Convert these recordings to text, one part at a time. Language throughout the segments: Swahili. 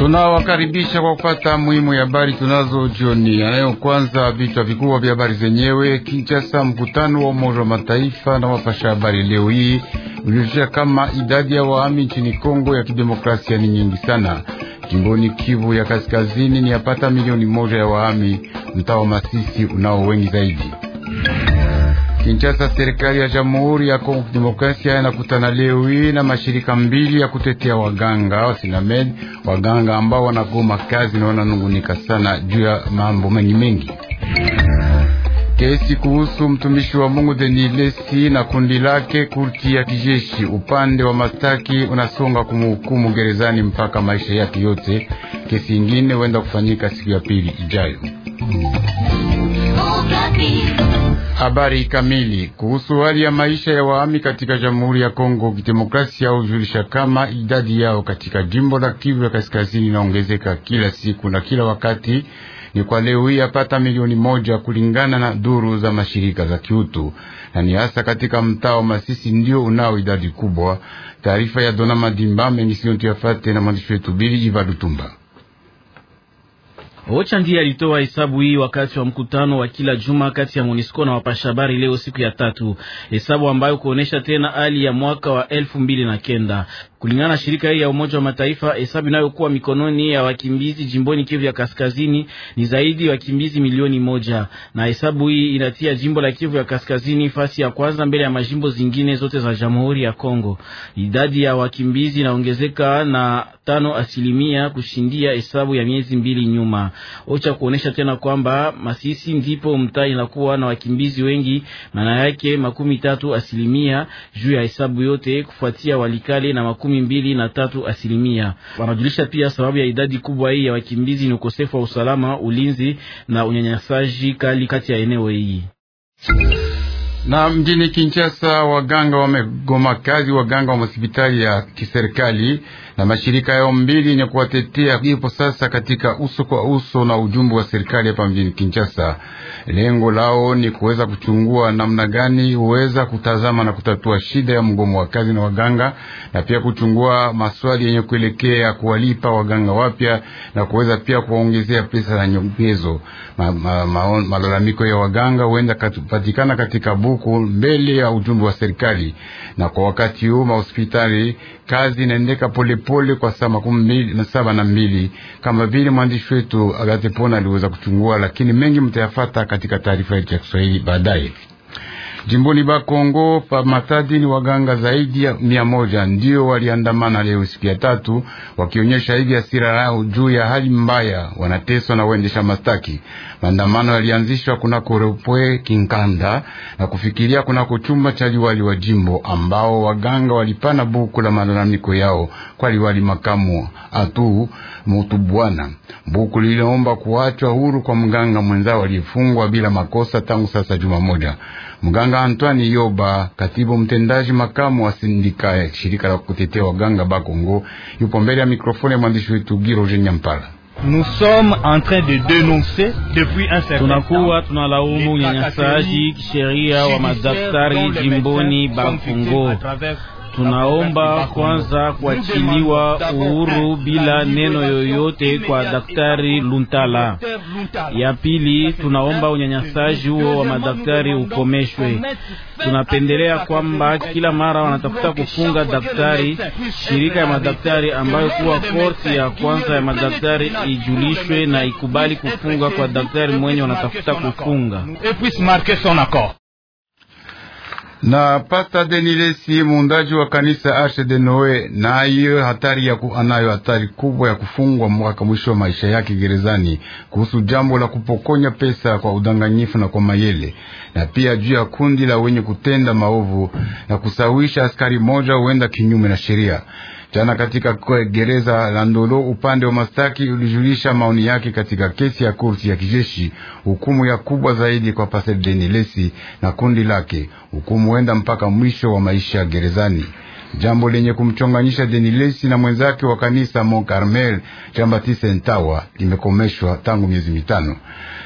Tunawakaribisha kwa kupata muhimu ya habari tunazo jioni anayo. Kwanza vichwa vikubwa vya habari zenyewe. Kinshasa, mkutano wa Umoja wa Mataifa na wapasha habari leo hii ulionyesha kama idadi ya wahami nchini Kongo ya kidemokrasia ni nyingi sana. Jimboni Kivu ya kaskazini ni yapata milioni moja ya wahami, mtaa wa Masisi unao wengi zaidi. Kinshasa, serikali ya Jamhuri ya Kongo Demokrasia inakutana leo hii na mashirika mbili ya kutetea waganga wa Sinamed, waganga ambao wanagoma kazi na wananungunika sana juu ya mambo mengi mengi. Kesi kuhusu mtumishi wa Mungu Denis Lesi na kundi lake, kurti ya kijeshi upande wa mastaki unasonga kumhukumu gerezani mpaka maisha yake yote. Kesi ingine huenda kufanyika siku ya pili ijayo. Oh, Habari kamili kuhusu hali ya maisha ya wahami katika Jamhuri ya Kongo Kidemokrasia hujulisha kama idadi yao katika jimbo la Kivu ya Kaskazini inaongezeka kila siku na kila wakati ni kwa leo hii yapata milioni moja kulingana na duru za mashirika za kiutu, na ni hasa katika mtaa wa Masisi ndio unao idadi kubwa. Taarifa ya Dona Madimba mengi tuyafate na mwandishi wetu Bili Iva Lutumba. Ocha ndiye alitoa hesabu hii wakati wa mkutano wa kila juma kati ya Monisco na wapashabari leo siku ya tatu, hesabu ambayo kuonesha tena hali ya mwaka wa elfu mbili na kenda. Kulingana na shirika hili ya Umoja wa Mataifa, hesabu inayokuwa mikononi ya wakimbizi jimboni Kivu ya Kaskazini ni zaidi ya wakimbizi milioni moja, na hesabu hii inatia jimbo la Kivu ya Kaskazini fasi ya kwanza mbele ya majimbo zingine zote za Jamhuri ya Kongo. Idadi ya wakimbizi inaongezeka na tano asilimia kushindia hesabu ya miezi mbili nyuma. Ocha kuonesha tena kwamba Masisi ndipo mtaa inakuwa na wakimbizi wengi, maana yake makumi tatu asilimia juu ya hesabu yote, kufuatia Walikale na makumi makumi mbili na tatu asilimia. Wanajulisha pia sababu ya idadi kubwa hii ya wakimbizi ni ukosefu wa usalama, ulinzi na unyanyasaji kali kati ya eneo hii. Na mjini Kinshasa waganga wamegoma kazi, waganga wa hospitali ya kiserikali na mashirika yao mbili yenye kuwatetea ipo sasa katika uso kwa uso na ujumbe wa serikali hapa mjini Kinshasa. Lengo lao ni kuweza kuchungua namna gani huweza kutazama na kutatua shida ya mgomo wa kazi na waganga, na pia kuchungua maswali yenye kuelekea kuwalipa waganga wapya na kuweza pia kuwaongezea pesa na nyongezo. Malalamiko ma, ma, ma, ma, ya waganga huenda patikana katika bu marufuku mbele ya ujumbe wa serikali. Na kwa wakati huu mahospitali kazi inaendeka polepole kwa saa makumi saba na mbili kama vile mwandishi wetu Agatepona Pona aliweza kuchungua, lakini mengi mtayafata katika taarifa yetu ya Kiswahili baadaye. Jimboni Bakongo pa Matadi ni waganga zaidi ya mia moja ndio waliandamana leo siku ya tatu, wakionyesha hivi hasira yao juu ya hali mbaya wanateswa na waendesha mastaki. Maandamano yalianzishwa kuna Korepwe Kinkanda na kufikiria kuna kuchumba cha liwali wa jimbo, ambao waganga walipana buku la malalamiko yao kwa liwali makamu Atu Bwana. buku liliomba kuachwa huru kwa mganga mwenzao aliyefungwa bila makosa tangu sasa juma moja. Mganga Antoine Yoba, katibu mtendaji makamu wa sindika ya shirika la kutetea waganga ba Kongo, yupo mbele ya mikrofoni ya mwandishi wetu Giroje Nyampala. Tunakuwa tunalaumu unyanyasaji kisheria wa madaktari jimboni Bakongo Tunaomba kwanza kuachiliwa uhuru bila neno yoyote kwa Daktari Luntala. Ya pili, tunaomba unyanyasaji huo wa madaktari ukomeshwe. Tunapendelea kwamba kila mara wanatafuta kufunga daktari, shirika ya madaktari ambayo kuwa korti ya kwanza ya madaktari ijulishwe na ikubali kufunga kwa daktari mwenye wanatafuta kufunga na Pasta Denilesi muundaji wa kanisa de Noe, nayo hatari ya kuanayo anayo hatari kubwa ya kufungwa mwaka mwisho wa maisha yake gerezani kuhusu jambo la kupokonya pesa kwa udanganyifu na kwa mayele, na pia juu ya kundi la wenye kutenda maovu na kusawisha askari moja huenda kinyume na sheria. Jana katika gereza la Ndolo, upande wa mastaki ulijulisha maoni yake katika kesi ya kurti ya kijeshi, hukumu ya kubwa zaidi kwa Pastor Denilesi na kundi lake, hukumu huenda mpaka mwisho wa maisha gerezani, jambo lenye kumchonganyisha Denilesi na mwenzake wa kanisa Mont Carmel Jean Baptiste Ntawa limekomeshwa tangu miezi mitano.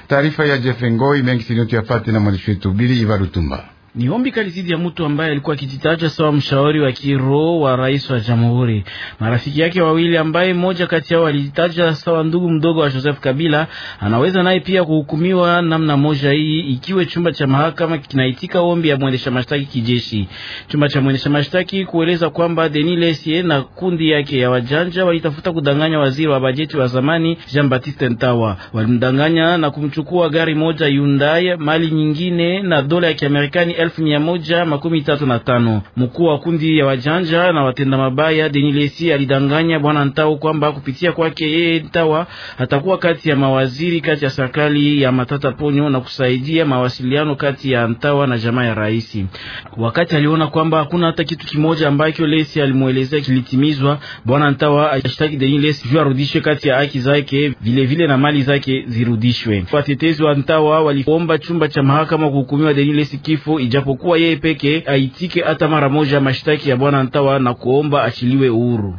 Taarifa ya Jeff Ngoi mengi sinotu yapate na mwandishi wetu Bili Ivalutumba. Ni ombi kali dhidi ya mtu ambaye alikuwa akijitaja sawa mshauri wa kiroho wa rais wa jamhuri. Marafiki yake wawili, ambaye mmoja kati yao alijitaja sawa ndugu mdogo wa Joseph Kabila, anaweza naye pia kuhukumiwa namna moja hii, ikiwe chumba cha mahakama kinaitika ombi ya mwendesha mashtaki kijeshi. Chumba cha mwendesha mashtaki kueleza kwamba Denis Lesie na kundi yake ya wajanja walitafuta kudanganya waziri wa bajeti wa zamani Jean Baptiste Ntawa, walimdanganya na kumchukua gari moja Hyundai, mali nyingine na dola ya Kiamerikani elfu mia moja makumi tatu na tano. Mkuu wa kundi ya wajanja na watenda mabaya Denilesi alidanganya bwana ntau kwamba kupitia kwake yeye Ntawa atakuwa kati ya mawaziri kati ya serikali ya Matata Ponyo na kusaidia mawasiliano kati ya Ntawa na jamaa ya raisi. Wakati aliona kwamba hakuna hata kitu kimoja ambacho Lesi alimwelezea kilitimizwa, bwana Ntawa ashtaki Denilesi juu arudishwe kati ya haki zake vilevile vile na mali zake zirudishwe. Watetezi wa Ntawa waliomba chumba cha mahakama kuhukumiwa Denilesi kifo ijapokuwa yeye peke aitike hata mara moja mashtaki ya bwana Ntawa na kuomba achiliwe uhuru.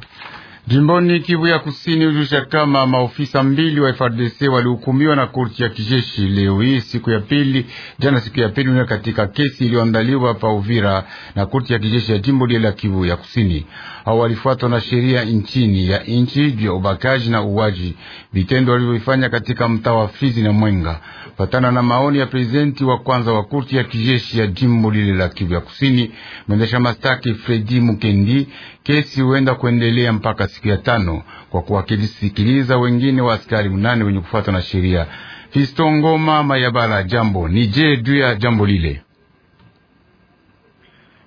Jimboni Kivu ya Kusini hujulisha kama maofisa mbili wa FRDC walihukumiwa na korti ya kijeshi leo hii siku ya pili jana siku ya pili katika kesi iliyoandaliwa pa Uvira na korti ya kijeshi ya jimbo lile la Kivu ya Kusini. Hao walifuatwa na sheria nchini ya nchi juu ya ubakaji na uwaji, vitendo walivyofanya katika mtaa wa Fizi na Mwenga, patana na maoni ya prezidenti wa kwanza wa korti ya kijeshi ya jimbo lile la Kivu ya Kusini, mwendesha mastaki Fredi Mukendi. Kesi huenda kuendelea mpaka siku ya tano kwa kuwakisikiliza wengine wa askari mnane wenye kufuatwa na sheria. Fistongoma Mayabala, jambo ni je juu ya jambo lile?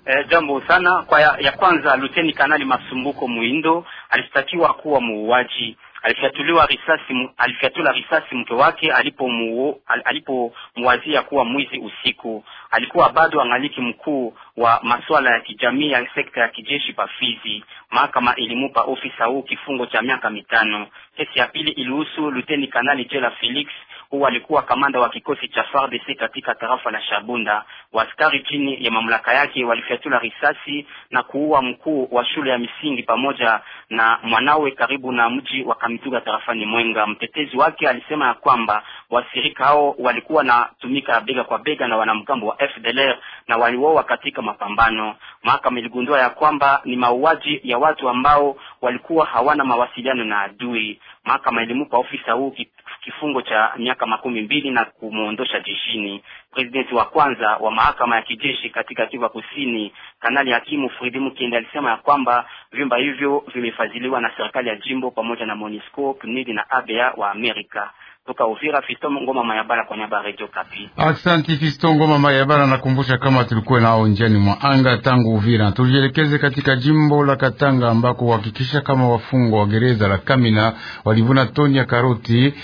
E, jambo sana kwa ya, ya kwanza Luteni Kanali Masumbuko Muindo alishtakiwa kuwa muuaji alifyatuliwa risasi, alifyatula risasi mke wake alipomwazia kuwa mwizi usiku. Alikuwa bado angaliki mkuu wa masuala ya kijamii ya sekta ya kijeshi Pafizi. Mahakama ilimupa ofisa huu kifungo cha miaka mitano. Kesi ya pili ilihusu luteni kanali Jela Felix huu alikuwa kamanda wa kikosi cha FARDC katika tarafa la Shabunda. Waskari chini ya mamlaka yake walifyatula risasi na kuua mkuu wa shule ya misingi pamoja na mwanawe karibu na mji wa Kamituga tarafani Mwenga. Mtetezi wake alisema ya kwamba wasirika hao walikuwa natumika bega kwa bega na wanamgambo wa FDLR na waliuawa katika mapambano. Mahakama iligundua ya kwamba ni mauaji ya watu ambao walikuwa hawana mawasiliano na adui. Mahakama ilimpa ofisa huu kifungo cha miaka makumi mbili na kumwondosha jeshini. Presidenti wa kwanza wa mahakama ya kijeshi katika Kivu Kusini, Kanali Hakimu fridi Mukende alisema ya kwamba vyumba hivyo vimefadhiliwa na serikali ya jimbo pamoja na Monisco, PNUD na ABA wa Amerika. Toka Uvira, Fisto Ngoma Mayabala kwa nyaba Radio Kapi. Asante Fiston Ngoma Mayabala, nakumbusha kama tulikuwa nao njiani mwa anga tangu Uvira. Tulielekeze katika jimbo la Katanga ambako uhakikisha kama wafungwa wa gereza la Kamina walivuna toni ya karoti,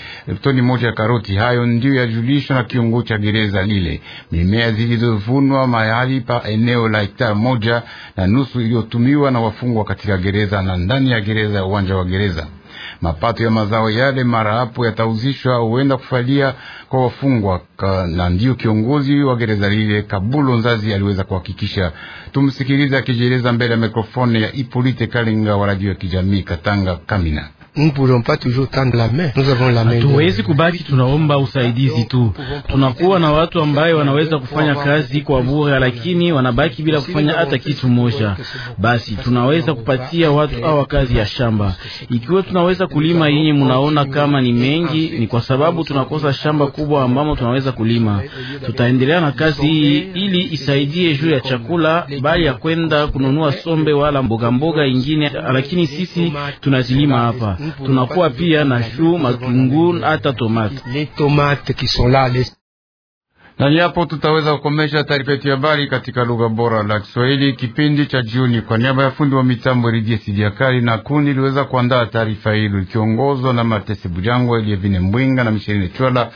toni moja ya karoti. Hayo ndio yajulishwa na kiungo cha gereza lile. Mimea zilizovunwa mahali pa eneo la hektari moja na nusu iliyotumiwa na wafungwa katika gereza na ndani ya gereza ya uwanja wa gereza Mapato ya mazao yale mara hapo yatauzishwa huenda kufalia kwa wafungwa, na ndiyo kiongozi wa gereza lile Kabulo Nzazi aliweza kuhakikisha. Tumsikilize akijieleza mbele ya mikrofoni ya Ipolite Kalinga wa radio ya kijamii Katanga Kamina hatuwezi kubaki tunaomba usaidizi tu. Tunakuwa na watu ambaye wanaweza kufanya kazi kwa bure, lakini wanabaki bila kufanya hata kitu moja. Basi tunaweza kupatia watu hawa kazi ya shamba, ikiwa tunaweza kulima. Yenye munaona kama ni mengi, ni kwa sababu tunakosa shamba kubwa ambamo tunaweza kulima. Tutaendelea na kazi hii ili isaidie juu ya chakula, bali ya kwenda kununua sombe wala mbogamboga ingine, lakini sisi tunazilima hapa tunakuwa pia na shu, matungu hata tomate na yapo. Tutaweza kukomesha taarifa yetu ya habari katika lugha bora la Kiswahili kipindi cha jioni. Kwa niaba ya fundi wa mitambo Redio Sidiakari na kundi iliweza kuandaa taarifa hilo ikiongozwa na Matesi bujango Elievine Mbwinga na Misheline Chwala,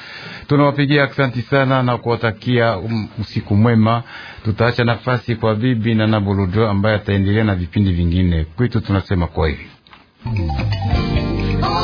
tunawapigia aksanti sana na kuwatakia um, usiku mwema. Tutaacha nafasi kwa bibi na nabolojo ambaye ataendelea na vipindi vingine. Kwetu tunasema kwa hivi